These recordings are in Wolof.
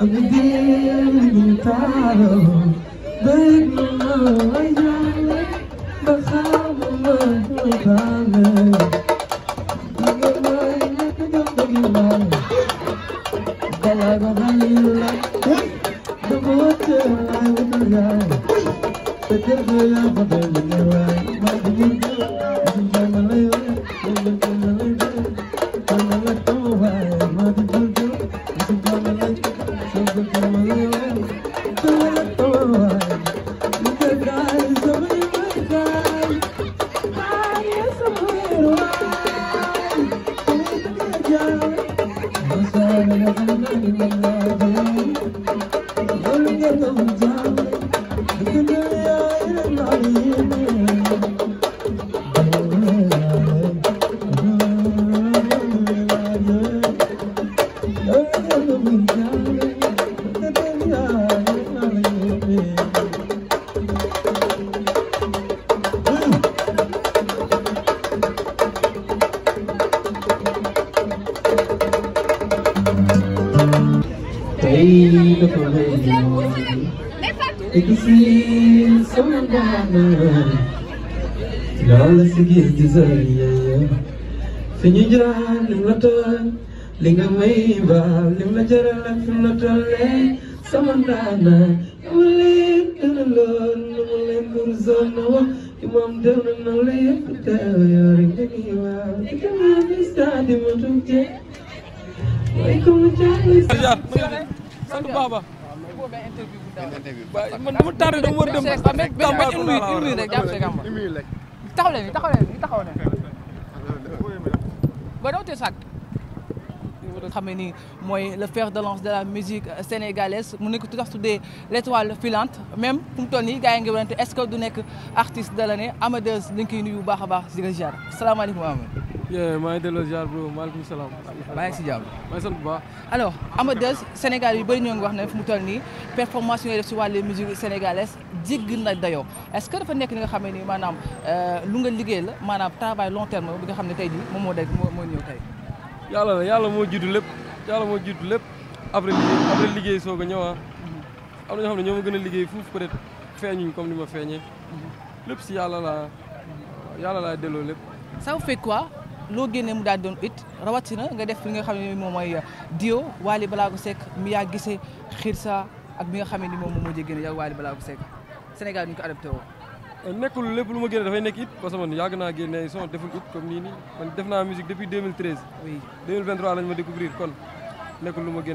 I'm a demon battle, but no, I don't like my family. I'm a man, I don't think you are. But I don't have you like the water I would die. But if I love a baby, you're right. My demon, I'm a man, I'm a man, I'm a man, I'm a man, I'm a man, Get them done. عيد فضيلة اكسي سمن دانا yàlla si gis di sariya fi ñu jaar lim la toll li nga may baal lim la jaral ak fi mu la tollee sama ndaana yow leen gën a lool nu mu leen dur zone na wax li mu am dër na la yëpp teew yore nga nii waaw di ko naan di stade ma tukkee way ko mu jaar sant Baba. waaw man dama tardé dama war a dem. Tamba une minute une minute rek jàpp si gàmba. taxaw leen taxaw leen taxaw leen. ba mooy le fer de lance de la musique sénégalaise mu nekk tout à tuddee l'étoile filante même fu mu toll nii gars yi ngi est-ce que du nekk artiste de l'année Amadeus li nga koy baax a baax si nga ziar salaamaaleykum Amadou. maa ngi delloo ziar bro maaleykum salaam. maa ngi si jàmm maa ngi sant bu baax. alors Amath Diaz Sénégal yu bëri ñoo ngi wax ne fu mu toll nii performance yooyu def si wàllu musique sénégalaise jéggi na dayoo est-ce que dafa nekk li nga xam ne nii maanaam euh, lu nga liggéey la maanaam travail long terme bi nga xam ne tey jii moom moo day moo ñëw tey. yàlla la yàlla moo jiitu lépp yàlla moo jiitu lépp après liggéey après liggéey soog a ñëw ah. Mhm. am na ñoo xam ne ñoo ma gën a liggéey fuuf peut-être feeñuñ comme ni ma feeñee mhm. lépp si yàlla laa mhm. yàlla laa delloo lépp. ça vous fait quoi loo génnee mu daal doon it rawatina nga def li nga xam ne moom mooy Dio Wally Ballago sekk mi yaa gisee Xirsa ak mi nga xam ni moom moom moo yaa yow Wally Ballago Seck Sénégal ñu ko adopté woo. Euh, nekkul lépp lu ma génne dafay nekk it parce que man yàgg naa génne son deful it comme nii nii man def ma découvrir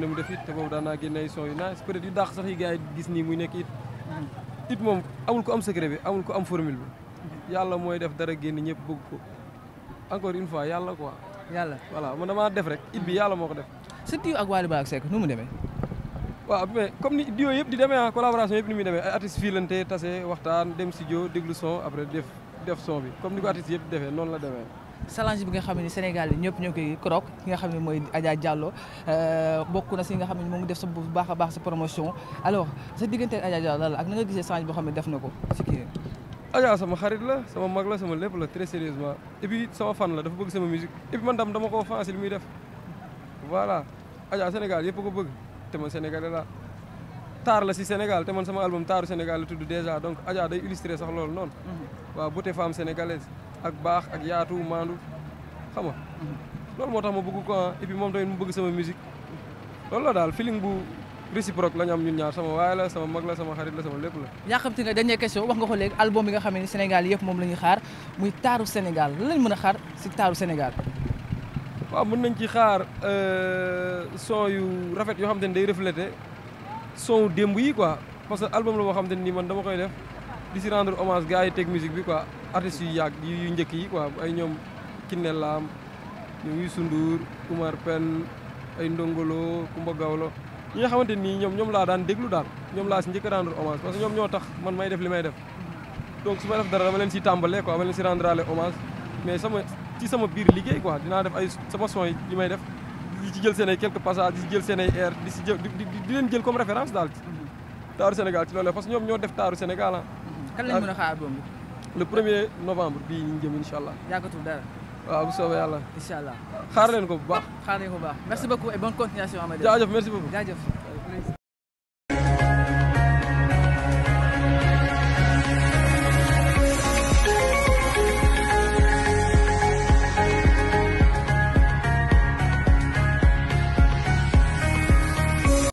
mu def it te boobu daan naa génne son yu naaj peut être yu daax sax yi gars yi gis nii muy nekk it. Mm-hmm. it moom amul ko am secret bi amul ko am formule bi yàlla mooy def dara génn ñëpp bëgg ko. encore une fois yàlla ko yàlla voilà man damaa def rek it yàlla moo ko def. sa diw ak Wally Ballago Seck nu mu demee. waaw mais comme ni diwo yëpp di demee ah collaboration yëpp ni muy demee ay artistes fii lante tase waxtaan def def son bi comme ni noonu la demee. challenge bi nga xam ne Sénégal yi ñëpp ñoo koy krok ki nga xam ne mooy Adja Diallo euh, bokk na si nga xam ne moo def sa bu baax a baax sa promotion alors sa diggante ak Adja ak na gisee challenge boo xam ne def na ko si kii Adja ah sama xarit la sama mag la sama lépp la très sérieusement et puis sama fan la dafa bëgg sama musique et puis man tam dama koo fan si li muy def voilà Adja ah Sénégal yëpp ko bëgg te man Sénégalais la taar la si Sénégal te man sama album taaru Sénégal la tudd déjà donc Adja ah day illustré sax loolu noonu mhm. waaw beauté femme sénégalaise ak baax ak yaatu maandu xam mhm. loolu moo tax ma bëgg ko et puis moom tamit mu bëgg sama musique loolu la daal feeling bu réciproque la ñu am ñun ñaar sama waay la sama mag la sama xarit la sama lépp la yàqamti nga dernière question wax nga ko album bi nga xam Sénégal yëpp moom la xaar muy taaru Sénégal lan lañ mën a xaar si taaru Sénégal waaw mën nañ ci xaar euh, son yu rafet yoo xam te ne day refléter son yu démb yi quoi parce que album la moo xam te nii man dama koy def di si rendre hommage gars yi teg musique bi quoi artistes yu yàgg yu njëkk yi quoi ay ñoom Kiné Lam ñoom Youssou Ndour Oumar Pène ay ñi nga xamante nii ñoom ñoom laa daan déglu daal ñoom laa si njëkk a rendre hommage parce que ñoom ñoo tax man may def li may def donc su ma def dara dama leen si tàmbalee quoi dama leen si rendraale hommage mais sama ci sama biir liggéey quoi dinaa def ay sama son yi may def di ci jël seen ay quelques di ci jël seen ay air di si jël di leen jël comme référence daal taaru Sénégal ci loolu parce que ñoom ñoo def taaru Sénégal ah. kan lañ mën xaar boobu. le premier novembre bii ñu jëm allah. yàggatul dara. waaw bu soobee yàlla. incha allah xaar leen ko bu baax. xaar leen ko bu baax merci beaucoup et bonne continuation Amadou. jaajëf merci beaucoup jaajëf.